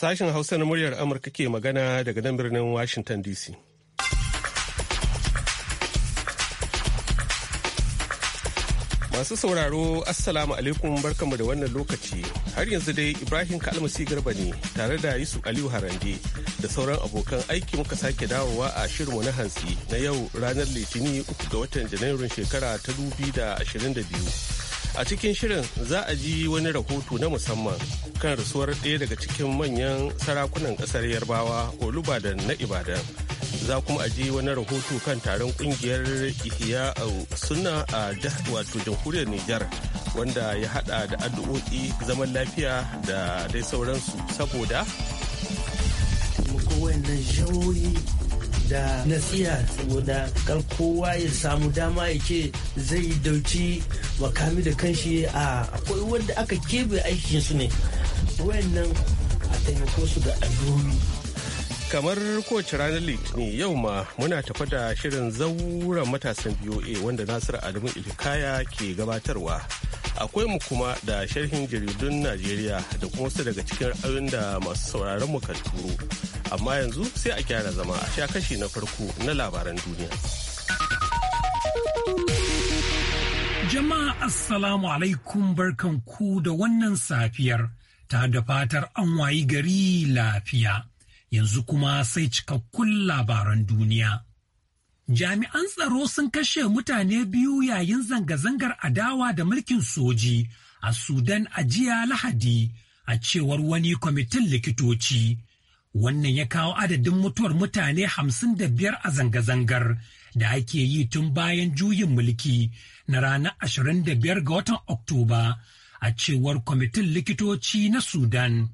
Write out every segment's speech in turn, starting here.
Sashen Hausa na muryar Amurka ke magana daga nan birnin Washington DC. Masu sauraro Assalamu alaikum barkamu da wannan lokaci har yanzu dai Ibrahim Kalmasi Garba ne tare da Yusuf Aliyu Harande da sauran abokan aiki muka sake dawowa a shirinmu na hantsi na yau ranar Litini 3 ga watan Janairun shekara ta 2022. A cikin shirin za a ji wani rahoto na musamman kan rasuwar ɗaya daga cikin manyan sarakunan ƙasar Yarbawa Olubadan na Ibadan. Za kuma a ji wani rahoto kan taron ƙungiyar Ihiya suna a wato jamhuriyar Nijar wanda ya haɗa da addu'o'i zaman lafiya da dai sauransu saboda. da nasiha saboda kar kowa ya samu dama ya ce zai dauci makami da kanshi a akwai wanda aka kebe aikin su ne wayannan a taimako su da alluri kamar kowace ranar litinin yau ma muna tafa da shirin zauren matasan boa wanda nasir adamu ilkaya ke gabatarwa akwai mu kuma da sharhin jaridun najeriya da kuma wasu daga cikin ra'ayoyin da masu sauraron mu kan turo amma yanzu sai a gyara zama a sha kashi na farko na labaran duniya. Jama'a Assalamu alaikum barkan ku da wannan safiyar ta da fatar an wayi gari lafiya yanzu kuma sai cikakkun labaran duniya. Jami'an tsaro sun kashe mutane biyu yayin zanga-zangar adawa da mulkin soji a Sudan a jiya Lahadi a cewar wani kwamitin likitoci. Wannan ya kawo adadin mutuwar mutane hamsin da biyar a zanga-zangar da ake yi tun bayan juyin mulki na ranar 25 ga watan Oktoba a cewar kwamitin likitoci na Sudan.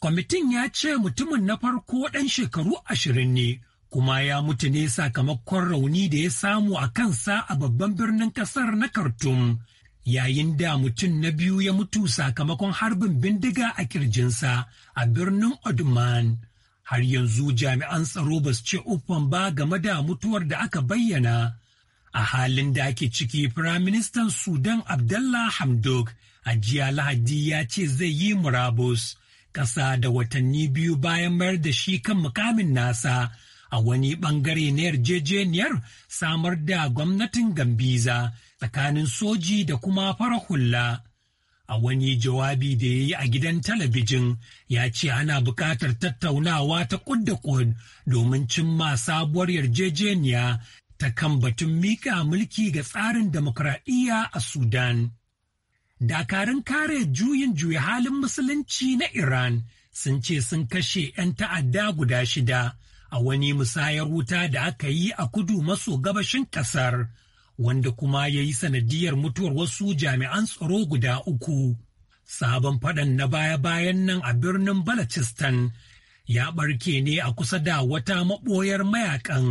Kwamitin ya ce mutumin na farko ɗan shekaru ashirin ne kuma ya mutu ne sakamakon rauni da ya samu a kansa a babban birnin kasar na Khartoum. Yayin da mutum na biyu ya mutu sakamakon harbin bindiga a kirjinsa a birnin Odman. har yanzu jami'an tsaro ba su ce uffan ba game da mutuwar da aka bayyana a halin da ake ciki firaministan sudan abdallah hamdok a jiya lahadi ya ce zai yi murabus ƙasa da watanni biyu bayan mayar da shi kan mukamin nasa a wani ɓangare na yarjejeniyar samar da gwamnatin gambiza tsakanin soji da kuma fara hula. a wani jawabi da ya yi a gidan talabijin ya ce ana buƙatar tattaunawa ta kud da kud domin cimma sabuwar yarjejeniya ta kan batun mika mulki ga tsarin demokradiyya a Sudan. Dakarun kare juyin juya halin musulunci na Iran sun ce sun kashe 'yan ta'adda guda shida a wani musayar wuta da aka yi a kudu maso gabashin ƙasar. wanda kuma ya yi sanadiyar mutuwar wasu jami'an tsaro guda uku. Sabon faɗan na baya-bayan nan a birnin Balachistan ya ɓarke ne a kusa da wata maɓoyar mayakan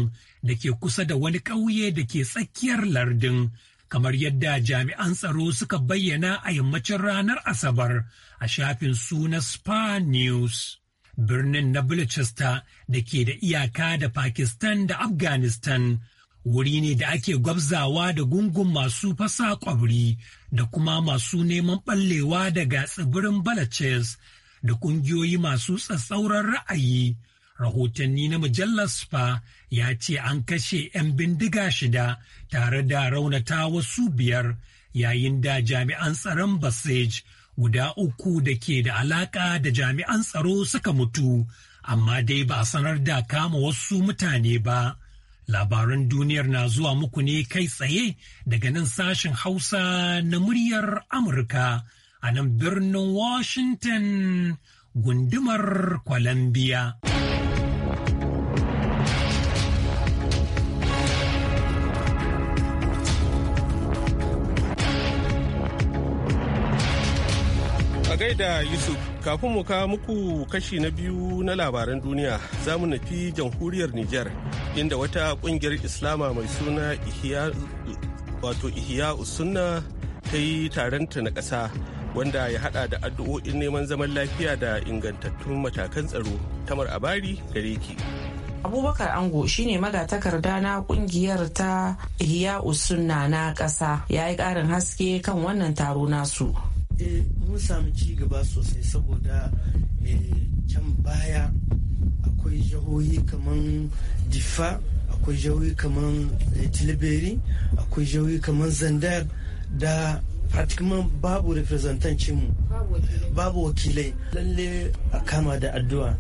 da ke kusa da wani ƙauye da ke tsakiyar lardin, kamar yadda jami'an tsaro suka bayyana a yammacin ranar Asabar a shafin su na Spa News. Birnin na Balachistan da ke da iyaka da Pakistan da Afghanistan. wuri ne da ake gwabzawa da gungun masu fasa kwabri da kuma masu neman ɓallewa daga tsibirin balaches da ƙungiyoyi masu tsatsauran ra'ayi rahotanni na mujallar spa ya ce an kashe 'yan bindiga shida tare da raunata wasu biyar yayin da jami'an tsaron basej guda uku da ke da alaka da jami'an tsaro suka mutu amma dai ba a sanar da kama wasu mutane ba Labaran duniyar na zuwa muku ne kai tsaye daga nan sashen Hausa na muryar Amurka a nan birnin Washington gundumar Columbia. A gaida Yusuf, kafin mu kawo muku kashi na biyu na labaran duniya, za mu nufi jamhuriyar Nijar. inda wata kungiyar islama mai suna ihiya wato ihiya sunna ta yi taronta na ƙasa wanda ya hada da addu'o'in neman zaman lafiya da ingantattun matakan tsaro tamar abari gare ki abubakar ango shine magatakarda na kungiyar ta ihiya usunna na ƙasa ya yi ƙarin haske kan wannan taro nasu eh, mun samu ci gaba sosai saboda eh, can baya akwai jihohi kamar difa akwai jihohi kamar eh, tilberi akwai jihohi kamar zandar da pratikman babu representanci mu babu wakilai lalle a kama da addu'a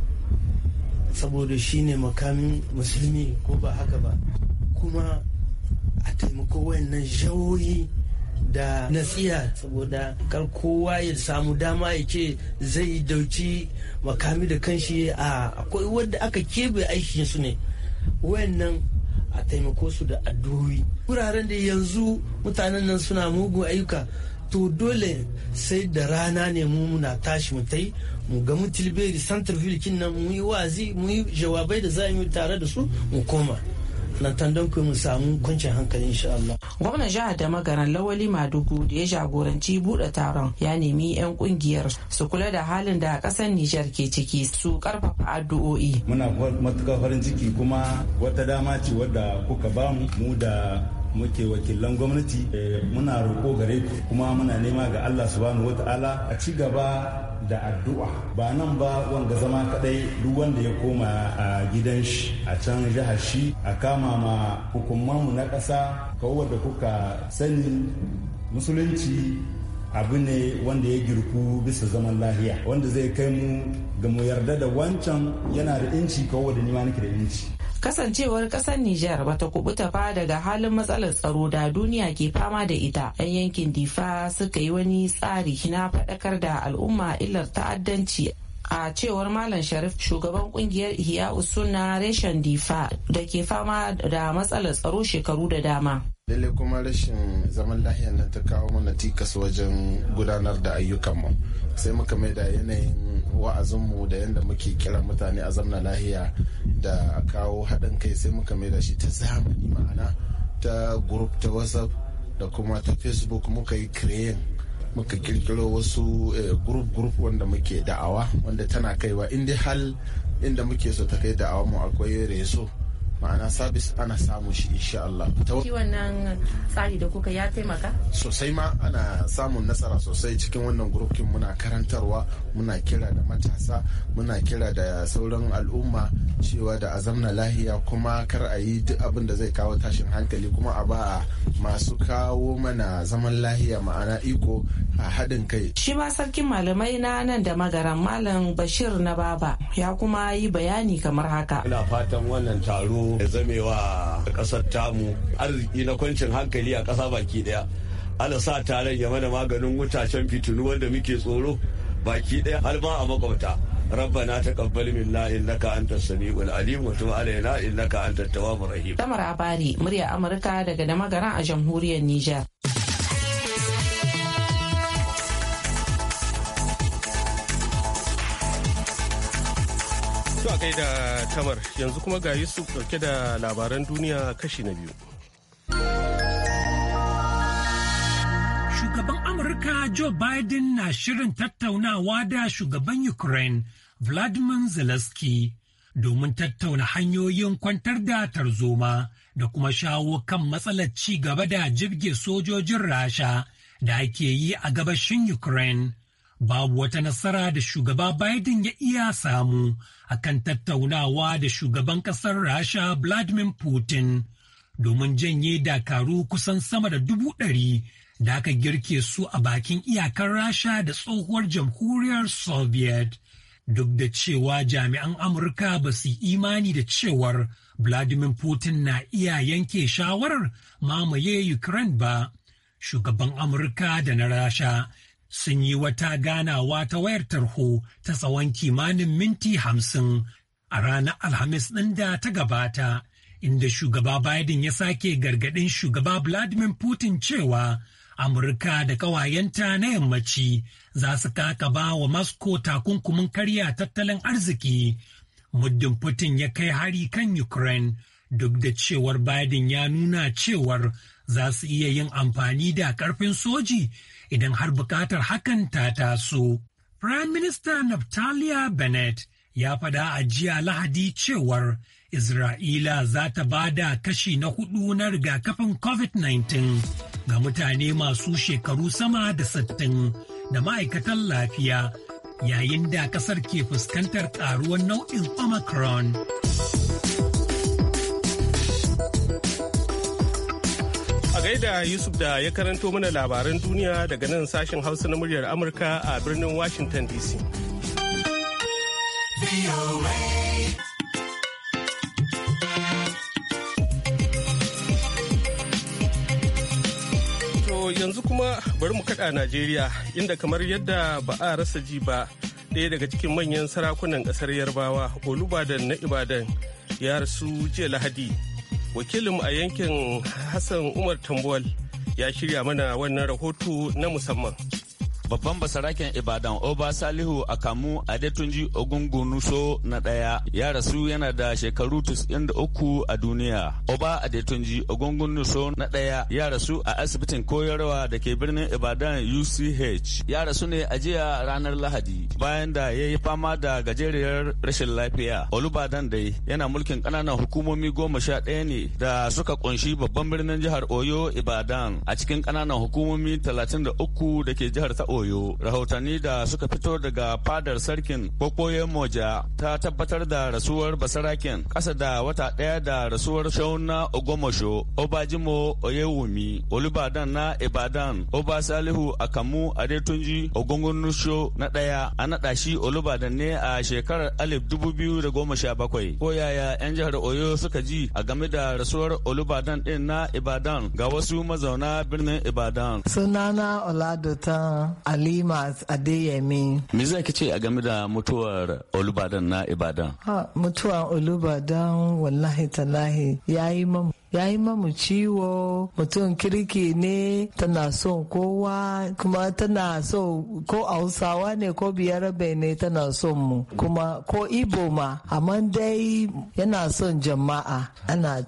saboda shine makamin musulmi ko ba haka ba kuma a taimako wayannan jihohi da nasiha saboda kar kowa ya samu dama ya ce zai dauki makami da kanshi a akwai wanda aka kebe aikin su ne wayannan a taimako su da addu'o'i wuraren da yanzu mutanen nan suna mugun ayyuka to dole sai da rana ne mu muna tashi mu tai mu ga mutilberi santar filikin nan mu yi wazi mu yi jawabai da za mu tare da su mu koma latan don mu samu kwanciyar hankali insha Allah. Gwamnan jihar da magaran Lawali Madugu da ya jagoranci buɗe taron ya nemi 'yan kungiyar su kula da halin da ƙasar Nijar ke ciki su karfafa addu'o'i. Muna matuƙar farin ciki kuma wata dama ce wadda kuka bamu mu da muke wakilan gwamnati eh, muna roƙo gare ku kuma muna nema ga Allah subhanahu wata'ala a ci gaba da addu'a ba nan ba wanga zama kadai duk wanda ya koma a gidan shi a can jihar shi a kama ma mu na ƙasa kawai da kuka sani musulunci abu ne wanda ya girku bisa zaman lahiya wanda zai kai mu ga mu yarda da wancan yana da inci kawo da nima nake da inci kasancewar kasar Nijar bata kubuta fa daga halin matsalar tsaro da duniya ke fama da ita yan yankin difa suka yi wani tsari na faɗakar da al'umma illar ta'addanci a cewar malam sharif shugaban kungiyar ihya usuna reshen difa da ke fama da matsalar tsaro shekaru da dama lallai kuma rashin zaman lahiya nan ta kawo mana tikas wajen gudanar da ayyukanmu sai muka mai da yanayin wa'azinmu da yadda muke kira mutane a zamna lahiya da kawo haɗin kai sai muka mai da shi ta zamani ma'ana ta group ta whatsapp da kuma ta facebook muka yi kireyin muka kirkiro wasu eh, group group wanda muke da'awa wanda tana kaiwa inda hal inda muke so ta kai da'awa mu akwai reso ma'ana sabis ana samun shi insha Allah. wannan tsari da kuka ya taimaka? Sosai ma ana samun nasara sosai cikin wannan gurukin muna karantarwa muna kira da matasa muna kira da sauran al'umma cewa da azamna lahiya kuma kar a yi duk abin da zai kawo tashin hankali kuma a ba masu kawo mana zaman lahiya ma'ana iko a haɗin kai. Shi ma sarkin malamai na nan da magaran malam Bashir na baba ya kuma yi bayani kamar haka. Ina fatan wannan taro ya zame zamewa kasar tamu arziki na kwancin hankali a kasa baki daya ala sa taron ya mana maganin wutacen fitinu wanda muke tsoro baki daya har ma a makwabta min la منا anta samiul alim wa وتب alaina innaka انت التواب rahim tamara bari murya amurka daga da magaran a jamhuriyar niger. To a kai da tamar yanzu kuma ga Yusuf dauke da labaran duniya kashi na biyu. Shugaban Amurka Joe Biden na shirin tattaunawa da shugaban Ukraine Vladimir Zelensky domin tattauna hanyoyin kwantar da tarzoma da kuma shawo kan matsalar ci gaba da jirge sojojin Rasha da ake yi a gabashin Ukraine. babu wata nasara da shugaba Biden ya iya samu a kan tattaunawa da shugaban ƙasar Rasha Vladimir Putin domin janye dakaru kusan sama da dubu ɗari da aka girke su a bakin iyakar Rasha da tsohuwar jamhuriyar Soviet. Duk da cewa jami'an Amurka ba su imani da cewar Vladimir Putin na iya yanke shawarar mamaye Ukraine ba, shugaban Amurka da na Rasha sun yi wata ganawa ta wayar tarho ta tsawon kimanin minti hamsin a ranar Alhamis ɗin da ta gabata, inda shugaba Biden ya sake gargaɗin shugaba Vladimir Putin cewa Amurka da ƙawayenta na yammaci za su kakaba wa Moscow takunkumin karya tattalin arziki. Muddin Putin ya kai hari kan Ukraine duk da cewar Biden ya nuna cewar za su iya yin amfani da ƙarfin soji idan har bukatar hakan ta taso. Prime Minister Naftaliya Bennett ya faɗa a jiya Lahadi cewar Isra'ila za ta ba da kashi na hudu na rigakafin COVID-19 ga mutane masu shekaru sama da sittin da ma'aikatan lafiya yayin da kasar ke fuskantar ƙaruwar nau'in Omicron. A gaida Yusuf da ya karanto mana labaran duniya daga nan sashen Hausa na muryar Amurka a birnin Washington DC. To yanzu kuma bari mu kada Najeriya inda kamar yadda ba a rasa ji ba daya daga cikin manyan sarakunan ƙasar Yarbawa Olubadan na Ibadan ya rasu jiya Lahadi wakilin a yankin hassan umar tambuwal ya shirya mana wannan rahoto na musamman babban basaraken ibadan oba salihu akamu adetunji ogungunuso na daya. ya rasu yana da shekaru 93 a duniya oba a adetunji ogungunuso na daya. ya rasu a asibitin koyarwa da ke birnin ibadan uch ya rasu ne a jiya ranar lahadi bayan da ya yi fama da gajeriyar rashin lafiya olubadan dai yana mulkin kananan hukumomi goma sha ɗaya ne da suka kunshi babban birnin jihar oyo ibadan a cikin kananan hukumomi 33 da ke jihar ta oyo koyo rahotanni da suka fito daga fadar sarkin kokoyen moja ta tabbatar da rasuwar basaraken ƙasa da wata ɗaya da rasuwar shauna ogomosho obajimo oyewumi olubadan na ibadan oba salihu akamu adetunji ogongonusho na ɗaya a naɗa shi olubadan ne a shekarar alif dubu biyu da goma sha bakwai ko yaya 'yan jihar oyo suka ji a game da rasuwar olubadan ɗin na ibadan ga wasu mazauna birnin ibadan sunana oladotan Alima Adeyemi. Me za ki ce a game da mutuwar Olubadan na Ibadan? Ha, mutuwar Olubadan wallahi talahi ya yi mamu. ya yi mamu ciwo mutum kirki ne tana son kowa kuma tana so ko hausawa ne ko biyarabe ne tana son mu kuma ko ibo ma amma dai yana son jama'a yana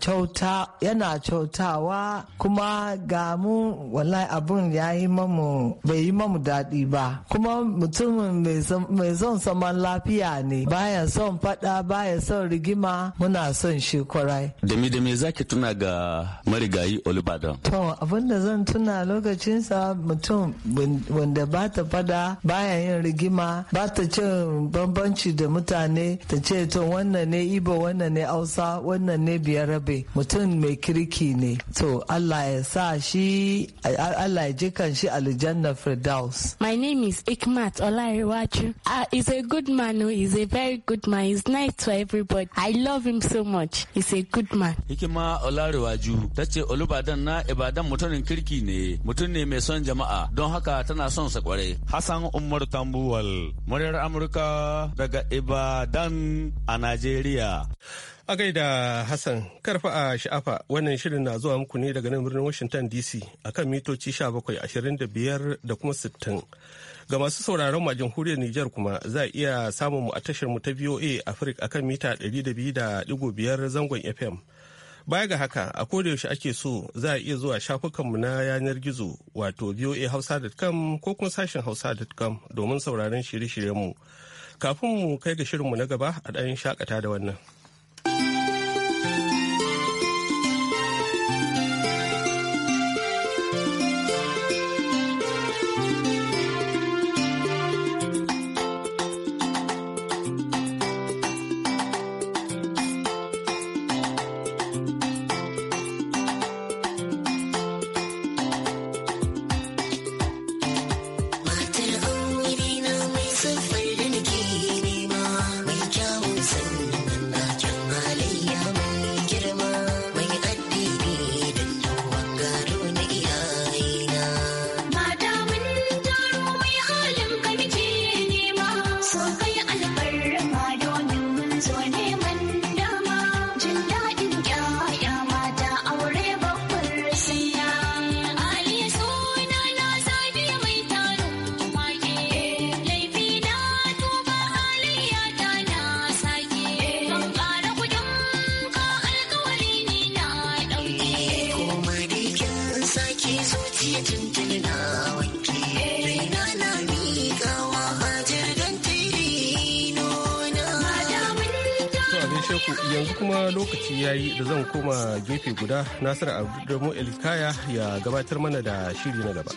kyautawa kuma ga mu wallahi abun ya yi mamu bai yi mamu daɗi ba kuma mutumin mai son saman lafiya ne baya son fada baya son rigima muna son shi kwarai da me da me zaki tuna ga marigayi Olubadan? To abinda zan tuna lokacinsa mutum wanda ba ta fada baya yin rigima ba ta cin bambanci da mutane ta ce to wannan ne ibo wannan ne ausa wannan ne biyarabe mutum mai kirki ne to Allah ya sa shi Allah ya jikan shi aljanna firdaus. My name is Ikmat Olariwaju. Uh, ah, is a good man. is oh, a very good man. He's nice to everybody. I love him so much. He's a good man. Ikima Olariwaju larewa ju ta ce Olubadan na Ibadan mutumin kirki ne mutum ne mai son jama'a don haka tana son sa kwarai. hasan Umar Tambuwal muryar Amurka daga Ibadan a Najeriya. A gaida Hassan karfa a sha'afa wannan shirin na zuwa muku ne daga nan birnin Washington DC akan mitoci 1725 da kuma 60. Ga masu sauraron ma jamhuriyar Nijar kuma za a iya samun mu a tashar mu ta VOA Africa akan mita 200.5 zangon FM. Baya ga haka a kodayaushe ake so za a iya zuwa shafukanmu na yanar gizo wato voahausa.com ko kuma sashen hausa.com domin sauraron shirye-shiryenmu. Kafin mu kai ga shirinmu na gaba a ɗayan shakata da wannan. ya yi da zan koma gefe guda nasiru abdulmu elkaya ya gabatar mana da shiri na gaba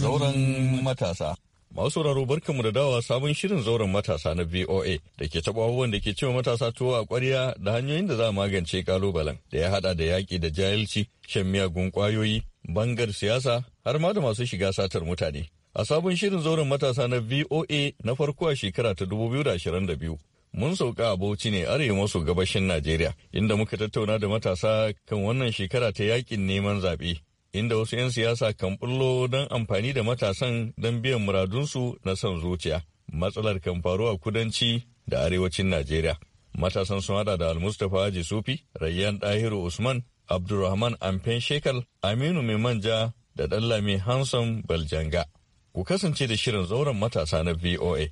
zauren matasa Masu sauraro barkanmu da dawa sabon shirin zauren matasa na VOA da ke taɓa abubuwan da ke cewa matasa tuwo a ƙwarya da hanyoyin da za a magance kalubalen da ya haɗa da yaƙi da jahilci, shan miyagun ƙwayoyi, bangar siyasa har ma da masu shiga satar mutane A sabon shirin zauren matasa na VOA na farko a shekara ta 2022. Mun sauka a Bauchi ne arewa maso gabashin Najeriya, inda muka tattauna da matasa kan wannan shekara ta yakin neman zaɓe. Inda wasu 'yan siyasa kan bullo don amfani da matasan don biyan muradunsu na son zuciya. Matsalar kan faru a kudanci da arewacin Najeriya. Matasan sun hada da Almustapha Haji Sufi, Rayyan Dahiru Usman, Abdulrahman Amfen Shekal, Aminu Mai Manja da Dallami Hanson Baljanga. Ku kasance da shirin zauren matasa na VOA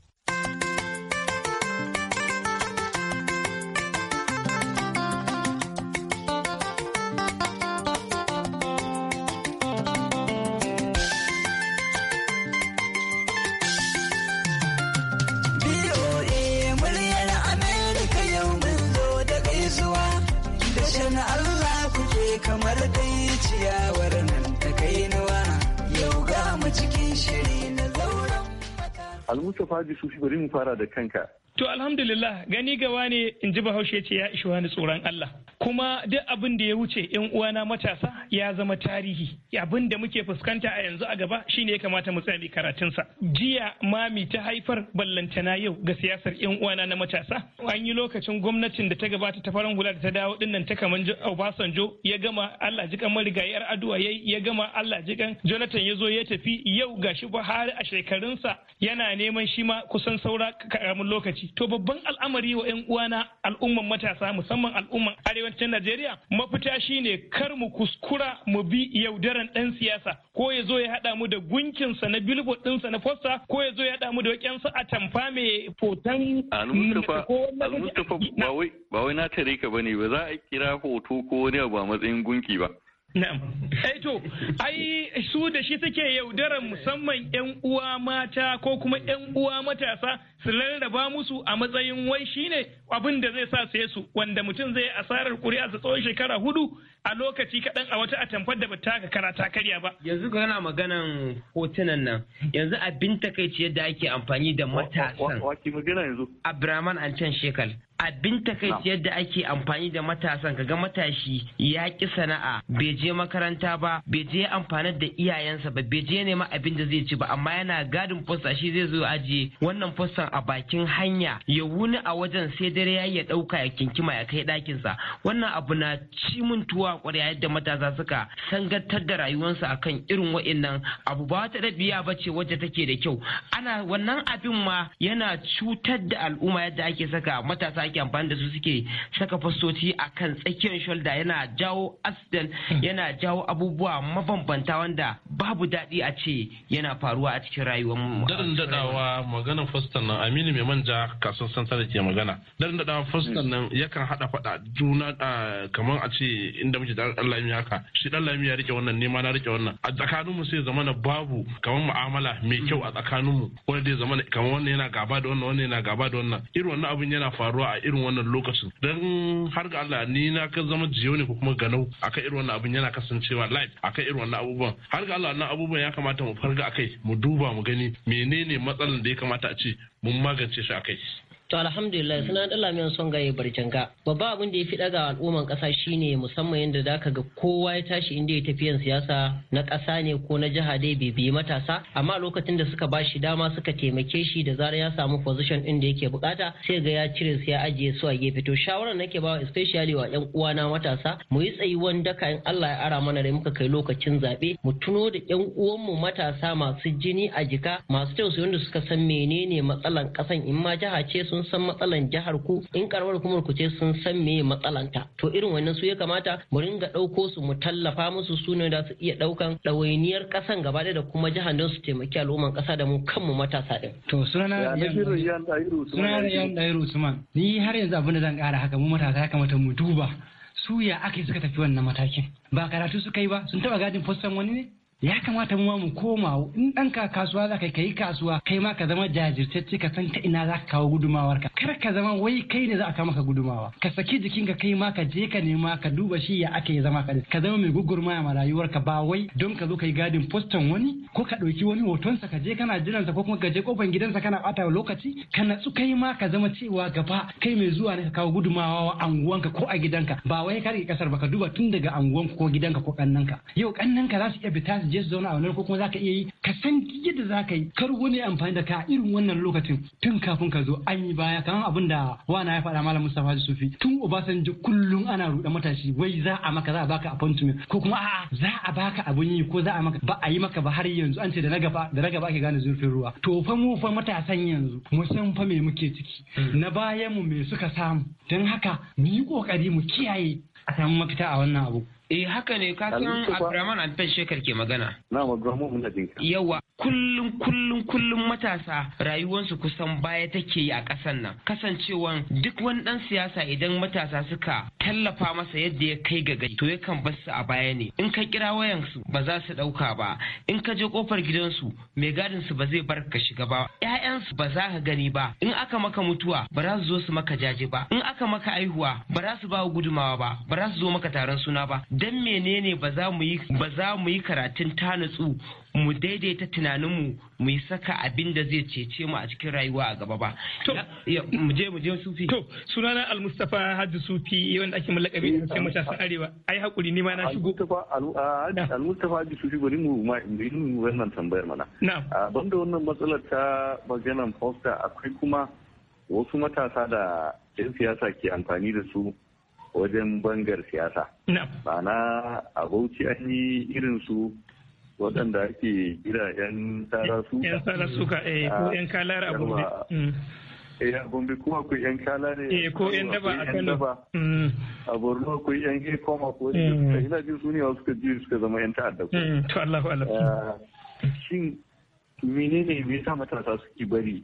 alhaji sufi bari mu fara da kanka To alhamdulillah gani gawa ne in ji bahaushe ce ya ishi wani tsoron Allah. Kuma duk abin da ya wuce yan uwana matasa ya zama tarihi. Abin da muke fuskanta a yanzu a gaba shine ya kamata mu tsami karatun sa. Jiya mami ta haifar ballantana yau ga siyasar yan uwana na matasa. An yi lokacin gwamnatin da ta gabata ta farin hula da ta dawo dinnan ta kaman Obasanjo ya gama Allah jikan marigayar yayi ya gama Allah jikan Jonathan ya zo ya tafi yau gashi Buhari a shekarunsa yana neman shi ma kusan saura karamin lokaci. to babban al'amari wa 'yan uwana al'umman matasa musamman al'umman arewacin najeriya mafita shine kar mu kuskura mu bi yaudaran dan siyasa ko ya zo ya haɗa mu da gunkinsa na billboard ɗinsa na fosta ko ya zo ya haɗa mu da wakensa a tamfa mai mustafa ba wai na tare ka bane ba za a kira hoto ko wani abu a matsayin gunki ba Na'am. Eh to, ai su da shi suke yaudarar musamman 'yan uwa mata ko kuma 'yan uwa matasa su rarraba musu a matsayin wai shine abin da zai sa saye su wanda mutum zai yi asarar kuri'a su tsawon shekara hudu a lokaci kaɗan a wata atamfar da bata ka karata karya ba. Yanzu kana maganan hotunan nan yanzu abin takaici yadda ake amfani da matasan. Waki magana yanzu. Ancan Shekal abin takaici yadda ake amfani da matasan kaga matashi ya ki sana'a bai je makaranta ba bai je amfanar da iyayensa ba bai je nema abin da zai ci ba amma yana gadin fosta shi zai zo ajiye wannan fastan a bakin hanya ya wuni a wajen sai dare ya ya dauka ya kinkima ya kai dakinsa wannan abu na cimin tuwa kwarya yadda matasa suka sangantar da rayuwarsa akan irin wa'annan abu ba wata ɗabi'a ba ce wadda take da kyau ana wannan abin ma yana cutar da al'umma yadda ake saka matasa ake amfani da su suke saka fastoci a kan tsakiyar shoulder yana jawo accident hmm. yana jawo abubuwa mabambanta wanda babu daɗi a ce yana faruwa a cikin rayuwar mu. Darin daɗawa maganar fastan nan Aminu mai manja kasan san da ke magana. Darin daɗawa fastan hmm. nan yakan haɗa faɗa juna kamar a ce inda muke da ɗan lami haka. Shi ɗan lami ya rike wannan nema na rike wannan. A tsakanin mu sai zamana babu kamar mu'amala mai kyau a hmm. tsakanin mu wanda zai zamana kamar wannan yana gaba da wannan wannan yana gaba da wannan. Irin wannan abin yana faruwa a irin wannan lokacin dan har ga Allah ni na ka zama jiyo ne ko kuma ganau akan irin wannan abin yana kasancewa live akan irin wannan abubuwan har ga Allah wannan abubuwan ya kamata mu farga akai mu duba mu gani menene matsalar da ya kamata a ce mun magance shi akai To alhamdulillah hmm. suna da lamiyan son gaye barjanga. Babba abin da ya fi daga al'umman kasa shine musamman yadda zaka ga kowa ya tashi inda ya tafiyan siyasa na kasa ne ko na jiha dai bai biyi matasa amma lokacin da suka bashi dama suka taimake shi da zarar ya samu position din da yake bukata sai ga ya cire su ya ajiye su a gefe to shawaran nake bawa especially wa yan uwana matasa mu yi tsayuwan daka in Allah ya ara mana da muka kai lokacin zabe mu tuno da yan uwanmu matasa masu jini a jika masu tausayi wanda suka san menene matsalan kasan in ma jiha ce sun sun san matsalan jihar ku in karamar hukumar ku ce sun san me matsalan ta to irin wannan su ya kamata mu ringa ɗauko su mu tallafa musu su ne da su iya daukan ɗawainiyar ƙasan gaba da kuma jihar don su taimaki al'umman kasa da mu kanmu matasa ɗin. to sunana Riyan Ɗahiru Usman ni har yanzu abin da zan kara haka mu matasa ya kamata mu duba su ya aka suka tafi wannan matakin ba karatu suka yi ba sun taba gadin fostan wani ne ya kamata mu mu koma in dan ka kasuwa za ka yi kasuwa kai ma ka zama jajirtacce ka san ta ina za ka kawo gudumawar ka kar ka zama wai kai ne za a kawo maka gudumawa ka saki jikin ka kai ma ka je ka nema ka duba shi ya aka yi zama ka ka zama mai gugurma ma rayuwar ka ba wai don ka zo ka yi gadin postan wani ko ka ɗauki wani hoton sa ka je kana jiran sa ko kuma ka je kofar gidansa kana bata lokaci ka natsu kai ma ka zama cewa gaba kai mai zuwa ne ka kawo gudumawa wa anguwanka ko a gidanka ba wai ka rike kasar ba ka duba tun daga anguwanka ko gidanka ko kannanka yau kannanka za su iya fita je su zauna a wannan ko kuma zaka iya yi ka san yadda ka yi kar wani amfani da ka irin wannan lokacin tun kafin ka zo an yi baya kamar abin da wana ya faɗa malam Mustapha Sufi tun Obasanjo kullum ana ruɗa matashi wai za a maka za a baka appointment ko kuma a'a za a baka abun yi ko za a maka ba a yi maka ba har yanzu an ce da na gaba da na gaba ake gane zurfin ruwa to fa mu fa matasan yanzu mu san fa me muke ciki hmm. na bayan mu me suka samu don haka mu yi kokari mu kiyaye a samu mafita a wannan abu Eh haka ne ka san Abdurrahman Alfan Shekar ke magana. Na mu muna jinka. Yawa kullum kullum kullum matasa rayuwarsu kusan baya take yi a ƙasan nan. Kasancewan duk wani ɗan siyasa idan matasa suka tallafa masa yadda ya kai ga gari to yakan bar su a baya ne. In ka kira wayansu ba za su ɗauka ba. In ka je kofar gidansu mai gadin su ba zai bar ka shiga ba. ‘Ya'yansu ba za ka gani ba. In aka maka mutuwa ba za su zo su maka jaje ba. In aka maka aihuwa ba za su ba gudumawa ba. Ba za su zo maka taron suna ba. dan menene ba za mu yi karatun ta natsu mu daidaita tunaninmu mu yi saka abin da zai cece mu a cikin rayuwa a gaba ba. To, mu je mu je sufi. To, sunana al mustapha Hajji Sufi wanda ake mallaka bi da matasan Arewa. Ai hakuri ni ma na shigo. al ah, mustapha Hajji Sufi bari mu yi wannan tambayar mana. Na'am. Ah, Banda wannan matsalar ta maganan poster akwai kuma wasu matasa da 'yan siyasa ke amfani da su wajen bangar siyasa ma'ana a bauchi an yi irin su waɗanda ake gira 'yan tsara suka 'yan tsara suka eh, ko ah, 'yan kalar abu mm. eh a gombe kuma akwai yan kala ne eh, ko yan daba a kano mm. a borno ku yan ke koma ko mm. ina jin su ne suka ji suka zama yan ta'adda ko to Allah Allah shin menene me yasa matasa suke bari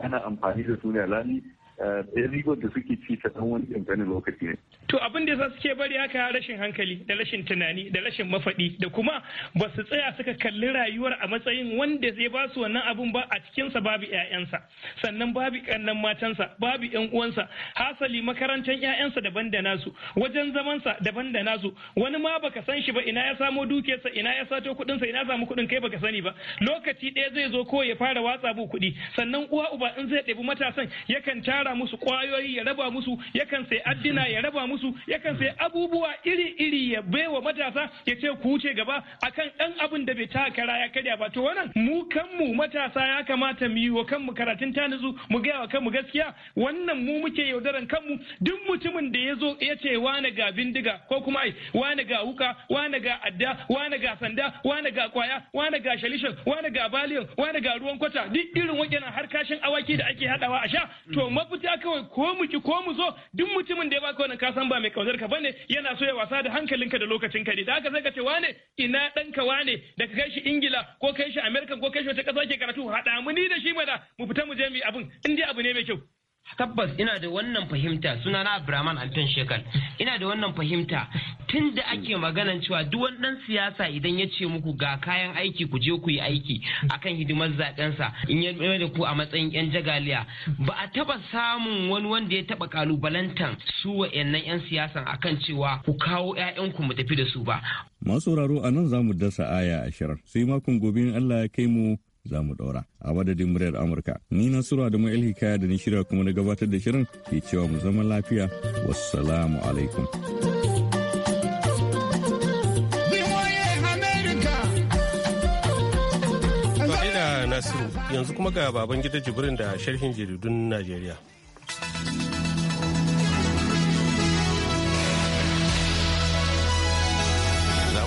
ana amfani da su ne alani eh, ɗaya ribar da suke ci ta ɗan wani ɗan lokaci ne to abin da yasa suke bari haka rashin hankali da rashin tunani da rashin mafaɗi da kuma ba su tsaya suka kalli rayuwar a matsayin wanda zai ba su wannan abun ba a cikinsa babu 'ya'yansa sannan babu ƙannan matansa babu 'yan uwansa hasali makarantar 'ya'yansa daban da nasu wajen zamansa daban da nasu wani ma baka san shi ba ina ya samo dukiyarsa ina ya sato kuɗinsa ina samu kuɗin kai baka sani ba lokaci ɗaya zai zo ko ya fara watsa bu kuɗi sannan uwa uba in zai ɗebi matasan yakan tara musu ƙwayoyi ya raba musu yakan sai addina ya raba musu sauransu yakan sai abubuwa iri-iri ya baiwa matasa ya ce ku wuce gaba akan dan abin da bai ta kara ya karya ba to wannan mu kanmu matasa ya kamata mu yi wa kanmu karatun tanizu mu gaya wa kanmu gaskiya wannan mu muke yaudaran kanmu duk mutumin da ya zo ya ce wani ga bindiga ko kuma ai wani ga wuka wani ga adda wani ga sanda wani ga kwaya wani ga shalishin wani ga baliyan wani ga ruwan kwata duk irin wakilan har kashin awaki da ake hadawa a sha to mafita kawai ko mu ki ko mu zo duk mutumin da ya baka wannan kasan ba mai kaunar ka bane yana so ya wasa da hankalinka da lokacin ka ne da haka sai ka ce wane ina dan ka wane da ka kai shi ingila ko kai shi amerika ko kai shi wata kasa ke karatu haɗa mu ni da shi mana mu fita mu je mu yi abin in dai abu ne mai kyau tabbas ina da wannan fahimta suna na abraman Anton Shekal ina da wannan fahimta tun da ake maganan cewa duk wani dan siyasa idan ya ce muku ga kayan aiki ku je ku yi aiki akan hidimar zaɓensa in ya da ku a matsayin yan jagaliya ba a taba samun wani wanda ya taba kalubalantan su wa'annan yan siyasan akan cewa ku kawo ƴaƴan ku mu tafi da su ba masu sauraro a nan zamu dasa aya ashirin sai makon gobe in Allah ya kai mu za mu ɗaura. A madadin muryar Amurka, ni na Sura da ilhi kaya da ni shirya kuma na gabatar da shirin ke cewa mu zama lafiya. Wassalamu alaikum. Nasiru yanzu kuma ga baban gida jibrin da sharhin jaridun Najeriya.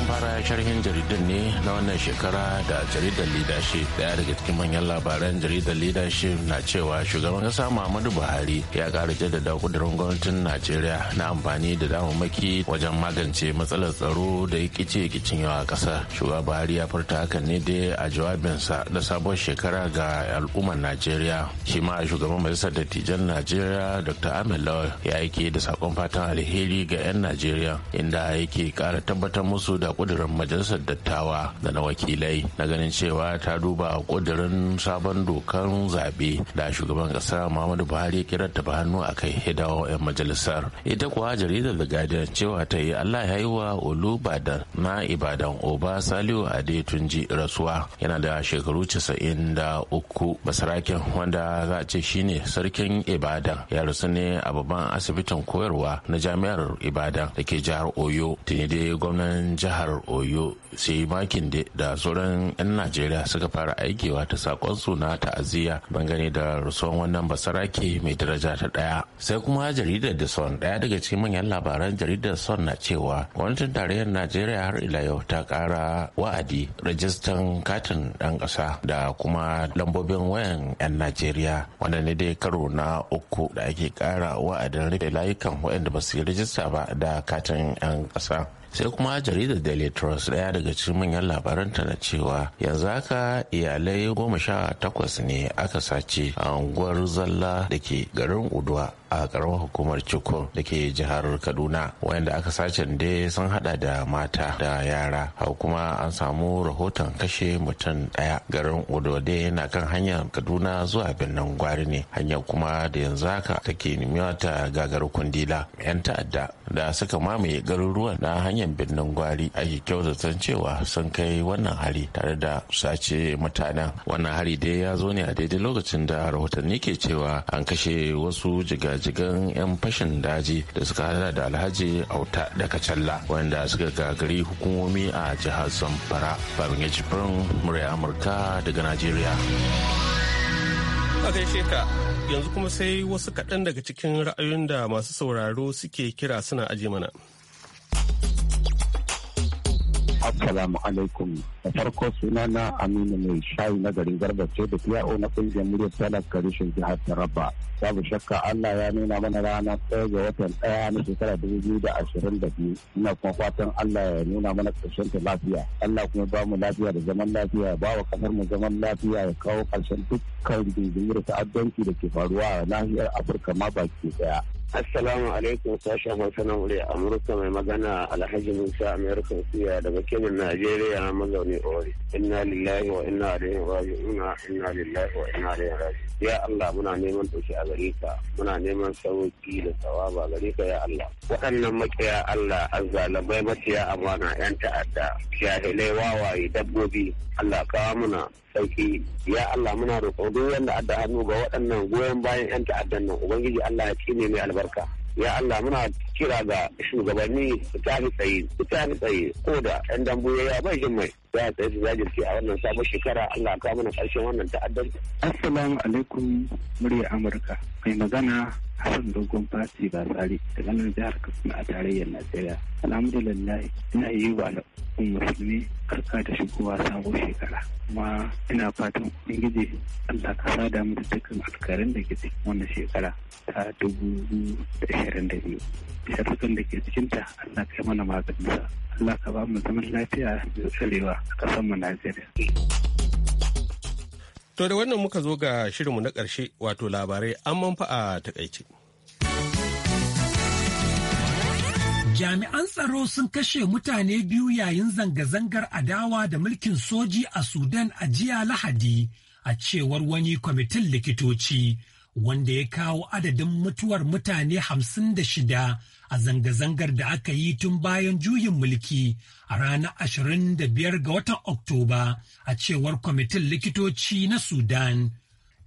an fara sharhin jaridar ne na wannan shekara da jaridar leadership daya daga cikin manyan labaran jaridar leadership na cewa shugaban kasa muhammadu buhari ya kara jaddada kudurin gwamnatin najeriya na amfani da damammaki wajen magance matsalar tsaro da ya kice kicin yawa kasa shugaba buhari ya furta hakan ne dai a jawabinsa na sabon shekara ga al'ummar najeriya shi ma shugaban majalisar dattijan najeriya dr ahmed lawal ya aike da sakon fatan alheri ga 'yan najeriya inda yake kara tabbatar musu da kudurin kudirin majalisar dattawa da na wakilai na ganin cewa ta duba kudirin sabon dokan zabe da shugaban kasa muhammadu buhari kirar ta hannu a kai hidawa 'yan majalisar ita kuwa jaridar da gadiyar cewa ta yi allah ya yi wa olubadan na ibadan oba saliu ade tunji rasuwa yana da shekaru casa'in da uku basaraken wanda za a ce shine sarkin ibadan ya rasu ne a babban asibitin koyarwa na jami'ar ibadan da ke jihar oyo tuni dai gwamnan jihar jihar oyo sai makin da sauran 'yan najeriya suka fara aikewa ta sakon suna ta'aziyya bangane da rasuwan wannan basarake mai daraja ta daya sai kuma jaridar da son daya daga cikin manyan labaran jaridar son na cewa gwamnatin tarayyar najeriya har ila yau ta kara wa'adi rajistan katin dan kasa da kuma lambobin wayan 'yan najeriya wanda ne dai karo na uku da ake kara wa'adin rufe layukan waɗanda ba su yi rajista ba da katin 'yan kasa sai kuma jaridar daily trust daya daga cikin manyan labaranta na cewa yanzu haka iyalai goma sha takwas ne aka sace a unguwar zalla da ke garin uduwa a karamar hukumar Cikur da ke jihar Kaduna wanda aka sace da sun hada da mata da yara hau kuma an samu rahoton kashe mutum daya garin Odode yana kan hanyar Kaduna zuwa birnin Gwari ne hanyar kuma da yanzu haka take nemiwa ta gagar kundila 'yan ta'adda da suka mamaye garuruwan na hanyar birnin Gwari ake kyautatan cewa sun kai wannan hari tare da sace mutanen wannan hari dai ya zo ne a daidai lokacin da rahotanni ke cewa an kashe wasu jiga jigan 'yan fashin daji da suka hada da alhaji auta daga challa wanda suka gagari hukumomi a jihar zamfara babin ya murya amurka daga najeriya a yanzu kuma sai wasu kaɗan daga cikin ra'ayoyin da masu sauraro suke kira suna aje mana assalamu alaikum da farko suna na aminu mai shayi na garin ce da pio na kungiyar muryar talaka rashin jihar taraba babu shakka allah ya nuna mana rana ɗaya ga watan ɗaya na shekara dubu biyu da ashirin da biyu ina kuma fatan allah ya nuna mana ƙarshen ta lafiya allah kuma ba mu lafiya da zaman lafiya ba wa kasar mu zaman lafiya ya kawo ƙarshen dukkan da ta'addanci da ke faruwa a nahiyar afirka ma baki ɗaya. Assalamu alaikum sashen Hausa na Amurka mai magana Alhaji Musa Amerika Siya daga Kenan Najeriya mazauni zai ɗore inna lillahi wa inna ilaihi raji'un inna lillahi wa inna ilaihi raji'un ya Allah muna neman ɗauki a gare ka muna neman sauki da tsawaba gare ka ya Allah waɗannan makiya Allah azzalabai maciya amana yan ta'adda jahilai wawaye dabbobi Allah kawo muna sauki ya Allah muna roƙo duk wanda adda hannu ga waɗannan goyon bayan yan ta'addan nan ubangiji Allah ya kine mai albarka ya Allah muna kira ga shugabanni su tafi tsaye su tsaye ko da ɗan dambu ya yi bai jin mai ya tsaye su zajirce a wannan sabon shekara Allah ka mana karshen wannan ta'addan. Assalamu alaikum murya Amurka mai magana Hassan Dogon Fati ba tsari daga nan jihar Katsina a tarayyar Najeriya. Alhamdulillah ina yi wa musulmi karka da shigowa sabon shekara kuma ina fatan ubangiji allah ka sa mu da dukkan alkarin da ke cikin wannan shekara ta dubu da ashirin da biyu dukkan da ke cikinta allah ka yi mana maganinsa allah ka ba mu zaman lafiya da tsarewa a ƙasar mu najeriya to da wannan muka zo ga shirinmu na ƙarshe wato labarai an manfa a takaice. Jami'an tsaro sun kashe mutane biyu yayin zanga-zangar adawa da mulkin soji a Sudan a jiya Lahadi a cewar wani kwamitin likitoci wanda ya kawo adadin mutuwar mutane hamsin da shida a zanga-zangar da aka yi tun bayan juyin mulki a ranar 25 ga watan Oktoba a cewar kwamitin likitoci na Sudan.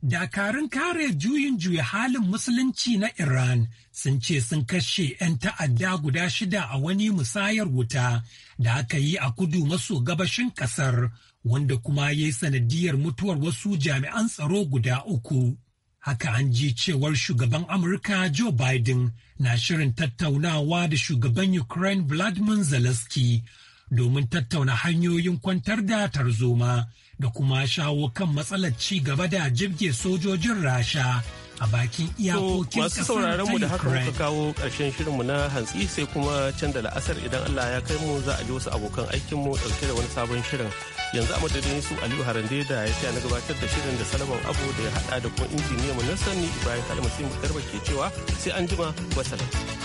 Dakarun kare juyin juya halin musulunci na Iran sun ce sun kashe 'yan ta'adda guda shida a wani musayar wuta da aka yi a kudu maso gabashin kasar wanda kuma ya yi sanadiyar mutuwar wasu jami'an tsaro guda uku. Haka an ji cewar shugaban Amurka Joe Biden na shirin tattaunawa da shugaban Ukraine Vladimir Zelensky domin tattauna hanyoyin kwantar da tarzoma. da kuma shawo kan matsalar ci gaba da jibge sojojin rasha a bakin iyakokin masu sauraron mu da haka muka kawo ƙarshen shirinmu na hantsi sai kuma can da la'asar idan Allah ya kai mu za a ji wasu abokan aikin mu ɗauke da wani sabon shirin yanzu a madadin su Aliyu Harande da ya sa na gabatar da shirin da Salaman Abu da ya haɗa da kuma injiniya mu na sanni Ibrahim Kalmasi mu ke cewa sai an jima wasalam.